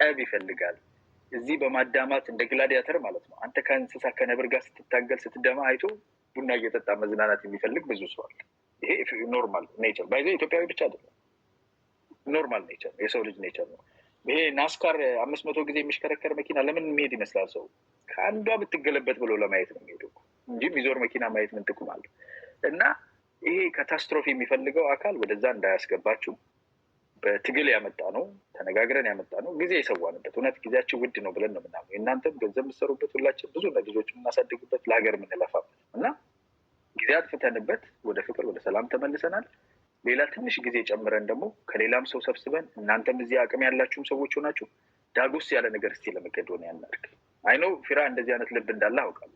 ጠብ ይፈልጋል። እዚህ በማዳማት እንደ ግላዲያተር ማለት ነው። አንተ ከእንስሳ ከነብር ጋር ስትታገል ስትደማ አይቶ ቡና እየጠጣ መዝናናት የሚፈልግ ብዙ ሰው አለ። ይሄ ኖርማል ኔቸር ባይዘ ኢትዮጵያዊ ብቻ አይደለም፣ ኖርማል ኔቸር የሰው ልጅ ኔቸር ነው። ይሄ ናስካር አምስት መቶ ጊዜ የሚሽከረከር መኪና ለምን የሚሄድ ይመስላል? ሰው ከአንዷ ብትገለበት ብሎ ለማየት ነው የሚሄደው እንጂ የሚዞር መኪና ማየት ምን ጥቅም አለ? እና ይሄ ካታስትሮፊ የሚፈልገው አካል ወደዛ እንዳያስገባችው በትግል ያመጣ ነው ተነጋግረን ያመጣ ነው። ጊዜ የሰዋንበት እውነት ጊዜያችን ውድ ነው ብለን ነው ምናምን እናንተም ገንዘብ የምትሰሩበት ሁላችን ብዙ ልጆች የምናሳድግበት ለሀገር የምንለፋበት እና ጊዜ አጥፍተንበት ወደ ፍቅር ወደ ሰላም ተመልሰናል። ሌላ ትንሽ ጊዜ ጨምረን ደግሞ ከሌላም ሰው ሰብስበን እናንተም እዚህ አቅም ያላችሁም ሰዎች ሆናችሁ ዳጎስ ያለ ነገር እስቲ ለመገድ ሆነ እናድርግ። አይኖ ፊራ እንደዚህ አይነት ልብ እንዳለ አውቃለሁ።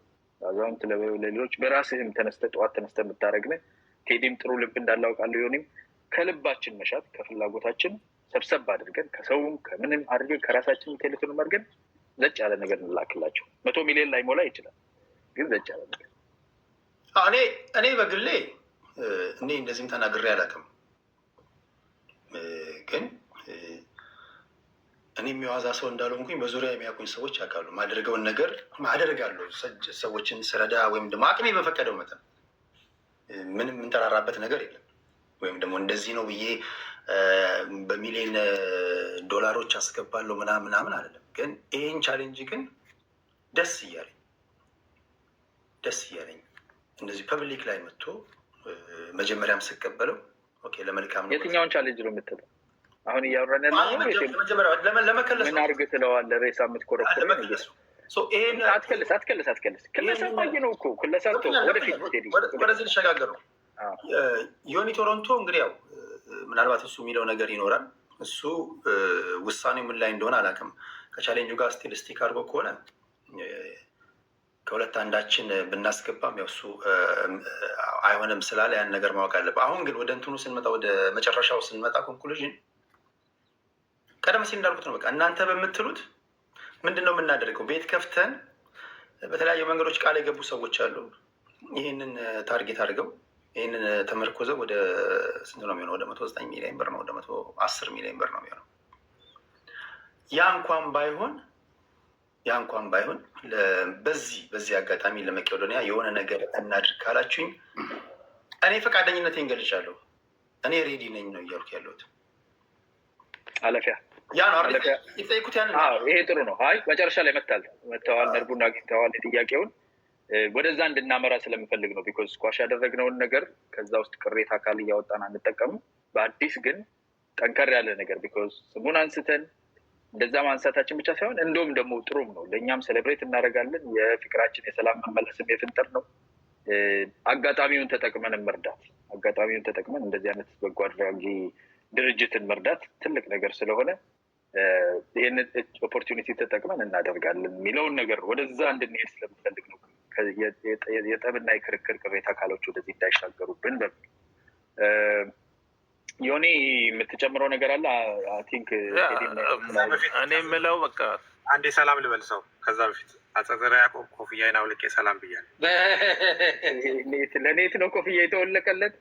አዛውንት ለሌሎች በራስህም ተነስተ ጠዋት ተነስተ የምታደረግን ቴዲም ጥሩ ልብ እንዳለ አውቃለሁ። የሆኒም ከልባችን መሻት ከፍላጎታችን ሰብሰብ አድርገን ከሰውም ከምንም አድርገን ከራሳችን ቴሌፎን አድርገን ዘጭ ያለ ነገር እንላክላቸው። መቶ ሚሊዮን ላይ ሞላ ይችላል፣ ግን ዘጭ ያለ ነገር እኔ እኔ በግሌ እኔ እንደዚህም ተናግሬ አላውቅም። ግን እኔ የሚዋዛ ሰው እንዳልሆንኩኝ በዙሪያ የሚያውቁኝ ሰዎች ያውቃሉ። ማደርገውን ነገር ማደርጋለሁ። ሰዎችን ስረዳ ወይም ደግሞ አቅሜ በፈቀደው መጠን ምንም የምንጠራራበት ነገር የለም። ወይም ደግሞ እንደዚህ ነው ብዬ በሚሊዮን ዶላሮች አስገባለሁ ምናምን ምናምን አይደለም። ግን ይህን ቻሌንጅ ግን ደስ እያለኝ ደስ እያለኝ እንደዚህ ፐብሊክ ላይ መጥቶ መጀመሪያም ስቀበለው ለመልካም ነው። የትኛውን ቻሌንጅ ነው የምትለው? አሁን እያወራን ለመከለስ ምን አድርግ ትለዋለህ? ሬሳ የምትኮረኮር አትከልስ አትከልስ ክለሳ ባየ ነው እኮ ክለሳ ወደፊት ወደዚህ ልሸጋገር ነው። ዮኒ ቶሮንቶ እንግዲህ ያው ምናልባት እሱ የሚለው ነገር ይኖራል። እሱ ውሳኔው ምን ላይ እንደሆነ አላውቅም። ከቻሌንጁ ጋር ስቲል ስቲክ አድርጎ ከሆነ ከሁለት አንዳችን ብናስገባም ያው እሱ አይሆንም ስላለ ያን ነገር ማወቅ አለብህ። አሁን ግን ወደ እንትኑ ስንመጣ፣ ወደ መጨረሻው ስንመጣ ኮንክሉዥን ቀደም ሲል እንዳልኩት ነው። በቃ እናንተ በምትሉት ምንድን ነው የምናደርገው? ቤት ከፍተን በተለያዩ መንገዶች ቃል የገቡ ሰዎች አሉ። ይህንን ታርጌት አድርገው ይህንን ተመርኮዘ ወደ ስንት ነው የሚሆነው? ወደ መቶ ዘጠኝ ሚሊዮን ብር ነው፣ ወደ መቶ አስር ሚሊዮን ብር ነው የሚሆነው። ያ እንኳን ባይሆን ያ እንኳን ባይሆን በዚህ በዚህ አጋጣሚ ለመቄዶንያ የሆነ ነገር እናድርግ ካላችሁኝ እኔ ፈቃደኝነቴን ገልጫለሁ። እኔ ሬዲ ነኝ ነው እያልኩ ያለሁት። አለፊያ ያ ነው አይደል? ይጠይቁት። ይሄ ጥሩ ነው። አይ መጨረሻ ላይ መታል መተዋል፣ ነርቡና አግኝተዋል ጥያቄውን ወደዛ እንድናመራ ስለምፈልግ ነው። ቢኮዝ ስኳሽ ያደረግነውን ነገር ከዛ ውስጥ ቅሬታ አካል እያወጣን አንጠቀሙ። በአዲስ ግን ጠንከር ያለ ነገር ቢኮዝ ስሙን አንስተን እንደዛ ማንሳታችን ብቻ ሳይሆን እንደውም ደግሞ ጥሩም ነው። ለእኛም ሴሌብሬት እናደርጋለን። የፍቅራችን የሰላም መመለስም የፍንጠር ነው። አጋጣሚውን ተጠቅመን መርዳት አጋጣሚውን ተጠቅመን እንደዚህ አይነት በጎ አድራጊ ድርጅትን መርዳት ትልቅ ነገር ስለሆነ ይህን ኦፖርቹኒቲ ተጠቅመን እናደርጋለን የሚለውን ነገር ወደዛ እንድንሄድ ስለምፈልግ ነው። የጠብና የክርክር ቅሬታ አካሎች ወደዚህ እንዳይሻገሩብን በሚል የሆኔ የምትጨምረው ነገር አለ? ቲንክ እኔ የምለው በቃ አንዴ ሰላም ልበል ሰው ከዛ በፊት አጸዘራ ያቆብ ኮፍያዬን አውልቄ ሰላም ብያለሁ። ለኔት ነው ኮፍያ የተወለቀለት።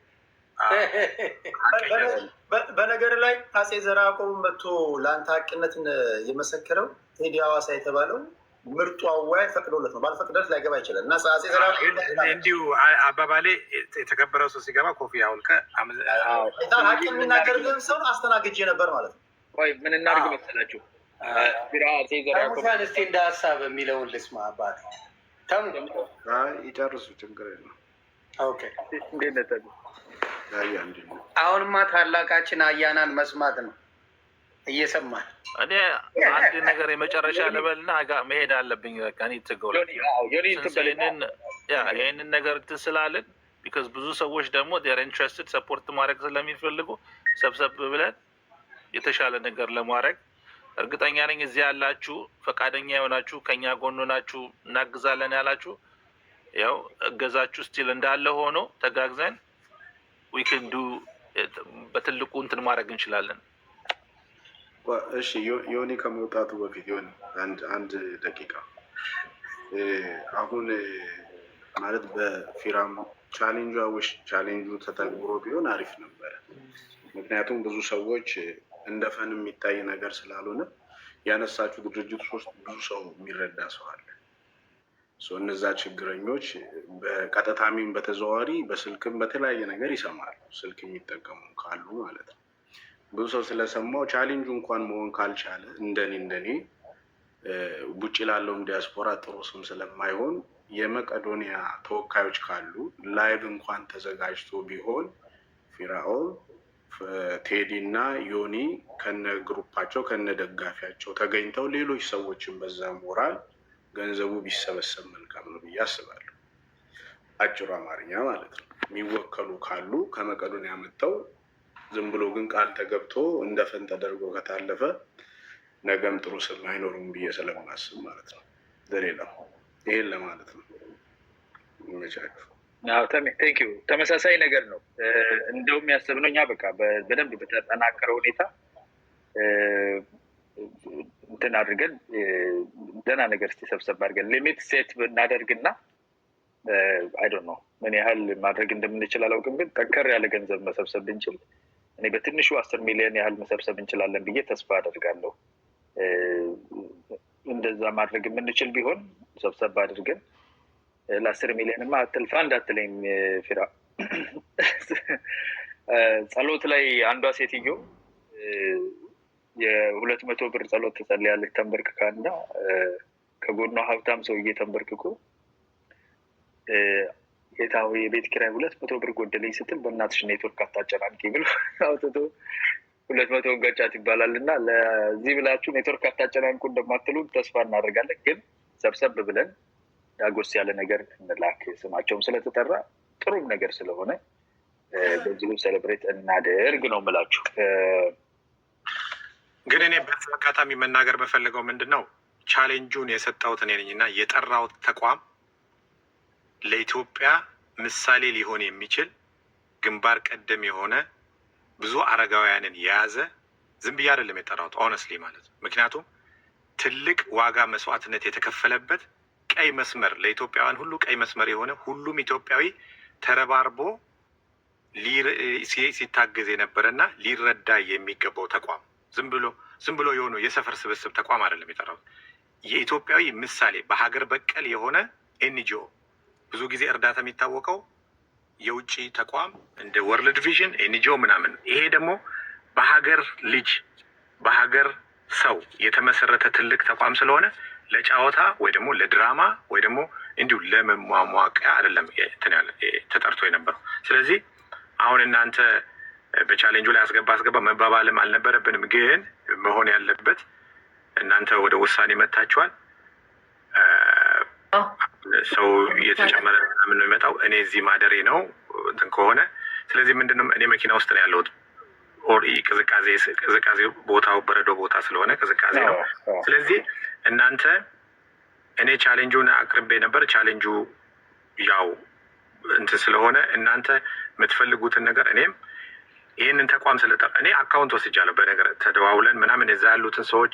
በነገር ላይ አጼ ዘራ ያቆብ መጥቶ ለአንተ ሀቅነትን የመሰከረው ቴዲ ሐዋሳ የተባለው ምርጡ አዋይ ፈቅዶለት ነው። ባልፈቅደለት ላይገባ ይችላል። እና ጸሐሴ እንዲሁ አባባሌ የተከበረው ሰው ሲገባ ኮፊ አውልቀ ሀቅ ግን ሰው አስተናግጄ ነበር ማለት ነው። ቆይ ምን እናድርግ መሰላችሁ? ሙሳንስቴ እንደ ሀሳብ የሚለውን ልስማ። አባት ይጨርሱ፣ ችግር የለም። አሁንማ ታላቃችን አያናን መስማት ነው። እየሰማህ እኔ አንድ ነገር የመጨረሻ ልበልና መሄድ አለብኝ። በቃ ይህንን ነገር ትስላልን ስላልን ቢካዝ ብዙ ሰዎች ደግሞ ር ኢንትረስትድ ሰፖርት ማድረግ ስለሚፈልጉ ሰብሰብ ብለን የተሻለ ነገር ለማድረግ እርግጠኛ ነኝ እዚህ ያላችሁ ፈቃደኛ የሆናችሁ ከኛ ጎን ናችሁ፣ እናግዛለን ያላችሁ ያው እገዛችሁ ስቲል እንዳለ ሆኖ ተጋግዘን ዊክንዱ በትልቁ እንትን ማድረግ እንችላለን። እሺ ዮኒ ከመውጣቱ በፊት ዮኒ አንድ ደቂቃ አሁን ማለት በፊራም ቻሌንጁ አዊሽ ቻሌንጁ ተተግብሮ ቢሆን አሪፍ ነበረ። ምክንያቱም ብዙ ሰዎች እንደ ፈን የሚታይ ነገር ስላልሆነ ያነሳችሁ ድርጅት ውስጥ ብዙ ሰው የሚረዳ ሰው አለ። እነዛ ችግረኞች በቀጥታም በተዘዋዋሪ በስልክም በተለያየ ነገር ይሰማሉ። ስልክ የሚጠቀሙ ካሉ ማለት ነው ብዙ ሰው ስለሰማው ቻሌንጁ እንኳን መሆን ካልቻለ እንደኔ እንደኔ ውጭ ላለውም ዲያስፖራ ጥሩ ስም ስለማይሆን የመቀዶኒያ ተወካዮች ካሉ ላይቭ እንኳን ተዘጋጅቶ ቢሆን ፊራኦል ቴዲ እና ዮኒ ከነ ግሩፓቸው ከነ ደጋፊያቸው ተገኝተው ሌሎች ሰዎችን በዛ ሞራል ገንዘቡ ቢሰበሰብ መልካም ነው ብዬ አስባለሁ። አጭሩ አማርኛ ማለት ነው። የሚወከሉ ካሉ ከመቀዶኒያ መጥተው ዝም ብሎ ግን ቃል ተገብቶ እንደ ፈን ተደርጎ ከታለፈ ነገም ጥሩ ስም አይኖሩም ብዬ ስለማስብ ማለት ነው። ለሌላው ይሄን ለማለት ነው። ተመሳሳይ ነገር ነው። እንደውም ያሰብነው እኛ በቃ በደንብ በተጠናከረ ሁኔታ እንትን አድርገን ደህና ነገር እስኪ ሰብሰብ አድርገን ሊሚት ሴት ብናደርግና አይዶን ነው ምን ያህል ማድረግ እንደምንችል አላውቅም፣ ግን ጠንከር ያለ ገንዘብ መሰብሰብ ብንችል እኔ በትንሹ አስር ሚሊዮን ያህል መሰብሰብ እንችላለን ብዬ ተስፋ አደርጋለሁ። እንደዛ ማድረግ የምንችል ቢሆን ሰብሰብ አድርገን ለአስር ሚሊዮንማ አትልፋ እንዳትለኝ ፊራ። ጸሎት ላይ አንዷ ሴትዮ የሁለት መቶ ብር ጸሎት ትጸልያለች ተንበርክካ እና ከጎኗ ሀብታም ሰውዬ ተንበርክኮ ጌታዊ የቤት ኪራይ ሁለት መቶ ብር ጎደለኝ ስትል በእናትሽ ኔትወርክ አታጨናንቂ ብሎ አውጥቶ ሁለት መቶ ገጫት ይባላል እና ለዚህ ብላችሁ ኔትወርክ አታጨናንቁ እንደማትሉ ተስፋ እናደርጋለን። ግን ሰብሰብ ብለን ዳጎስ ያለ ነገር እንላክ። ስማቸውም ስለተጠራ ጥሩም ነገር ስለሆነ በዚሁ ሴሌብሬት እናደርግ ነው ምላችሁ። ግን እኔ በዚህ አጋጣሚ መናገር በፈለገው ምንድን ነው ቻሌንጁን የሰጠሁት እኔ ነኝ እና የጠራሁት ተቋም ለኢትዮጵያ ምሳሌ ሊሆን የሚችል ግንባር ቀደም የሆነ ብዙ አረጋውያንን የያዘ ዝም ብዬ አይደለም የጠራሁት፣ ኦነስሊ ማለት ነው። ምክንያቱም ትልቅ ዋጋ መስዋዕትነት የተከፈለበት ቀይ መስመር ለኢትዮጵያውያን ሁሉ ቀይ መስመር የሆነ ሁሉም ኢትዮጵያዊ ተረባርቦ ሲታገዝ የነበረና ሊረዳ የሚገባው ተቋም ዝም ብሎ ዝም ብሎ የሆኑ የሰፈር ስብስብ ተቋም አይደለም የጠራሁት። የኢትዮጵያዊ ምሳሌ በሀገር በቀል የሆነ ኤንጂኦ ብዙ ጊዜ እርዳታ የሚታወቀው የውጭ ተቋም እንደ ወርልድ ቪዥን ኤንጂኦ ምናምን። ይሄ ደግሞ በሀገር ልጅ በሀገር ሰው የተመሰረተ ትልቅ ተቋም ስለሆነ ለጫወታ ወይ ደግሞ ለድራማ ወይ ደግሞ እንዲሁ ለመሟሟቂያ አይደለም ተጠርቶ የነበረው። ስለዚህ አሁን እናንተ በቻሌንጁ ላይ አስገባ አስገባ መባባልም አልነበረብንም። ግን መሆን ያለበት እናንተ ወደ ውሳኔ መጥታችኋል። ሰው እየተጨመረ ምናምን ነው የሚመጣው። እኔ እዚህ ማደሬ ነው እንትን ከሆነ ስለዚህ ምንድነው እኔ መኪና ውስጥ ነው ያለሁት። ቅዝቃዜ ቅዝቃዜ ቦታው በረዶ ቦታ ስለሆነ ቅዝቃዜ ነው። ስለዚህ እናንተ እኔ ቻሌንጁን አቅርቤ ነበር። ቻሌንጁ ያው እንትን ስለሆነ እናንተ የምትፈልጉትን ነገር እኔም ይህንን ተቋም ስለጠራ እኔ አካውንት ወስጃለሁ። በነገር ተደዋውለን ምናምን የዛ ያሉትን ሰዎች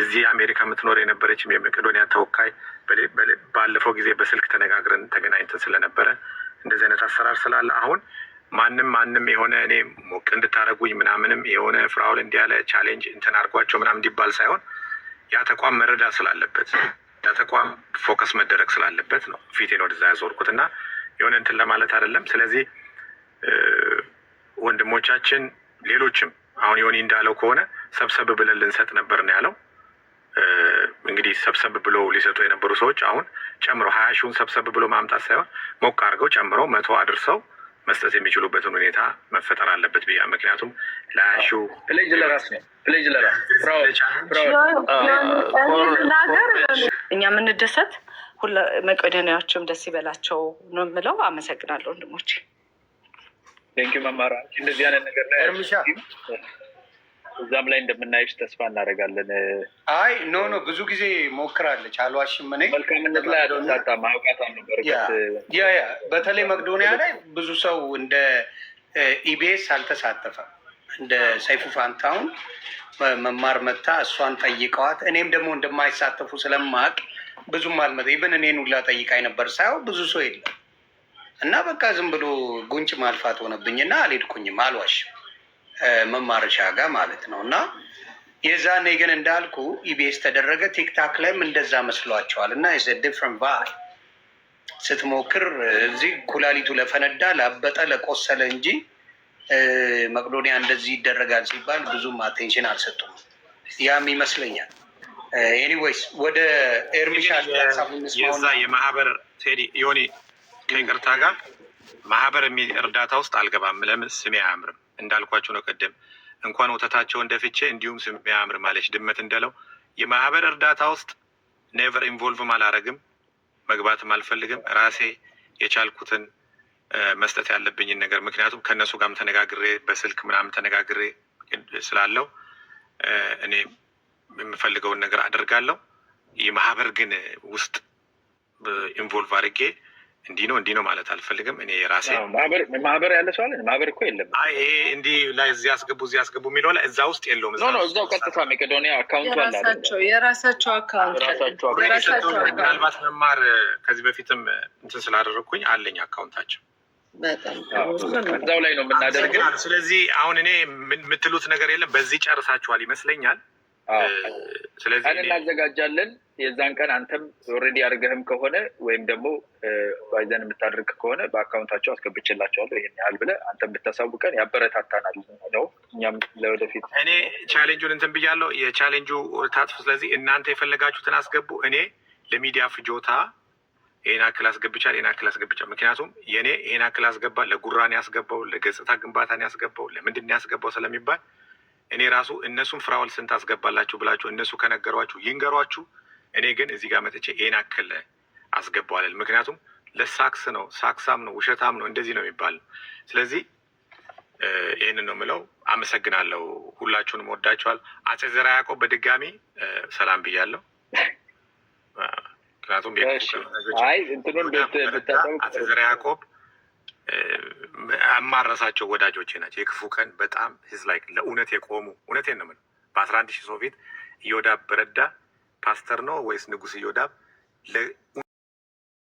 እዚህ አሜሪካ የምትኖር የነበረችም የመቄዶኒያ ተወካይ ባለፈው ጊዜ በስልክ ተነጋግረን ተገናኝተን ስለነበረ እንደዚህ አይነት አሰራር ስላለ አሁን ማንም ማንም የሆነ እኔ ሞቅ እንድታደረጉኝ ምናምንም የሆነ ፍራውል እንዲያለ ቻሌንጅ እንትን አድርጓቸው ምናምን እንዲባል ሳይሆን ያ ተቋም መረዳት ስላለበት ያ ተቋም ፎከስ መደረግ ስላለበት ነው ፊቴን ወደዛ ያዞርኩት እና የሆነ እንትን ለማለት አይደለም። ስለዚህ ወንድሞቻችን ሌሎችም አሁን የሆኒ እንዳለው ከሆነ ሰብሰብ ብለን ልንሰጥ ነበር ነው ያለው። እንግዲህ ሰብሰብ ብሎ ሊሰጡ የነበሩ ሰዎች አሁን ጨምሮ ሀያ ሺውን ሰብሰብ ብሎ ማምጣት ሳይሆን ሞቅ አድርገው ጨምሮ መቶ አድርሰው መስጠት የሚችሉበትን ሁኔታ መፈጠር አለበት ብያ ምክንያቱም ለሹ እኛ የምንደሰት መቄዶንያዎችም ደስ ይበላቸው ነው የምለው። አመሰግናለሁ ወንድሞቼ። ንኪ መማራ እንደዚህ አይነት ነገር ላይ እዛም ላይ እንደምናየሽ ተስፋ እናደርጋለን። አይ ኖ ኖ ብዙ ጊዜ ሞክራለች፣ አልዋሽም። እኔ መልካምነት ላይ አደጣጣ ማውቃት ያ ያ በተለይ መቅዶኒያ ላይ ብዙ ሰው እንደ ኢቢኤስ አልተሳተፈም። እንደ ሰይፉ ፋንታውን መማር መታ እሷን ጠይቀዋት፣ እኔም ደግሞ እንደማይሳተፉ ስለማቅ ብዙም አልመጣ ይብን እኔን ሁላ ጠይቃኝ ነበር ሳየው ብዙ ሰው የለም እና በቃ ዝም ብሎ ጉንጭ ማልፋት ሆነብኝና አልሄድኩኝም፣ አልዋሽም መማረሻ ጋር ማለት ነው እና የዛኔ ግን እንዳልኩ ኢቢኤስ ተደረገ ቲክታክ ላይም እንደዛ መስሏቸዋል እና ዲፍረንት ቫይ ስትሞክር እዚህ ኩላሊቱ ለፈነዳ ላበጠ ለቆሰለ እንጂ መቅዶኒያ እንደዚህ ይደረጋል ሲባል ብዙም አቴንሽን አልሰጡም። ያም ይመስለኛል። ኤኒዌይስ ወደ ኤርሚሻ የዛ የማህበር ቴዲ ዮኒ ከይቅርታ ጋር ማህበር እርዳታ ውስጥ አልገባም። ለምን ስሜ አያምርም እንዳልኳቸው ነው። ቅድም እንኳን ወተታቸው እንደፍቼ እንዲሁም ስሜ አያምርም አለች ድመት እንደለው። የማህበር እርዳታ ውስጥ ኔቨር ኢንቮልቭም አላረግም፣ መግባትም አልፈልግም። ራሴ የቻልኩትን መስጠት ያለብኝን ነገር ምክንያቱም ከእነሱ ጋርም ተነጋግሬ በስልክ ምናምን ተነጋግሬ ስላለው እኔ የምፈልገውን ነገር አድርጋለሁ የማህበር ግን ውስጥ ኢንቮልቭ አድርጌ እንዲህ ነው እንዲህ ነው ማለት አልፈልግም። እኔ የራሴ ማህበር ያለ ሰው አለ። ማህበር እኮ የለም። ይሄ እንዲህ ላይ እዚህ አስገቡ እዚህ አስገቡ የሚለው ላይ እዛ ውስጥ የለውም። እዛው ቀጥታ መቄዶኒያ አካውንቱ አለ። የራሳቸው አካውንት ምናልባት መማር ከዚህ በፊትም እንትን ስላደረግኩኝ አለኝ አካውንታቸው እዛው ላይ ነው የምናደርግ። ስለዚህ አሁን እኔ የምትሉት ነገር የለም። በዚህ ጨርሳችኋል ይመስለኛል። ስለዚህ እናዘጋጃለን። የዛን ቀን አንተም ኦልሬዲ አድርገህም ከሆነ ወይም ደግሞ ባይዘን የምታደርግ ከሆነ በአካውንታቸው አስገብቼላቸዋለሁ ይሄን ያህል ብለህ አንተም ብታሳውቀን ያበረታታናል ነው። እኛም ለወደፊት እኔ ቻሌንጁን እንትን ብያለሁ። የቻሌንጁ ታጥፍ። ስለዚህ እናንተ የፈለጋችሁትን አስገቡ። እኔ ለሚዲያ ፍጆታ ይህን አክል አስገብቻል፣ ይህን አክል አስገብቻል። ምክንያቱም የእኔ ይህን አክል አስገባ ለጉራን ያስገባው ለገጽታ ግንባታን ያስገባው ለምንድን ያስገባው ስለሚባል እኔ ራሱ እነሱን ፍራውል ስንት አስገባላችሁ ብላችሁ እነሱ ከነገሯችሁ ይንገሯችሁ። እኔ ግን እዚህ ጋር መጥቼ ይሄን አክል አስገባዋለል። ምክንያቱም ለሳክስ ነው ሳክሳም ነው ውሸታም ነው እንደዚህ ነው የሚባል ስለዚህ ይህንን ነው የምለው። አመሰግናለሁ። ሁላችሁንም ወዳችኋል። አጼ ዘርዓ ያዕቆብ በድጋሚ ሰላም ብያለሁ። ምክንያቱም አጼ ዘርዓ ያዕቆብ አማረሳቸው ወዳጆቼ ናቸው። የክፉ ቀን በጣም ሂዝ ላይክ ለእውነት የቆሙ እውነት ነው ምን በአስራ አንድ ሺህ ሰው ፊት እዮዳብ በረዳ ፓስተር ነው ወይስ ንጉስ እዮዳብ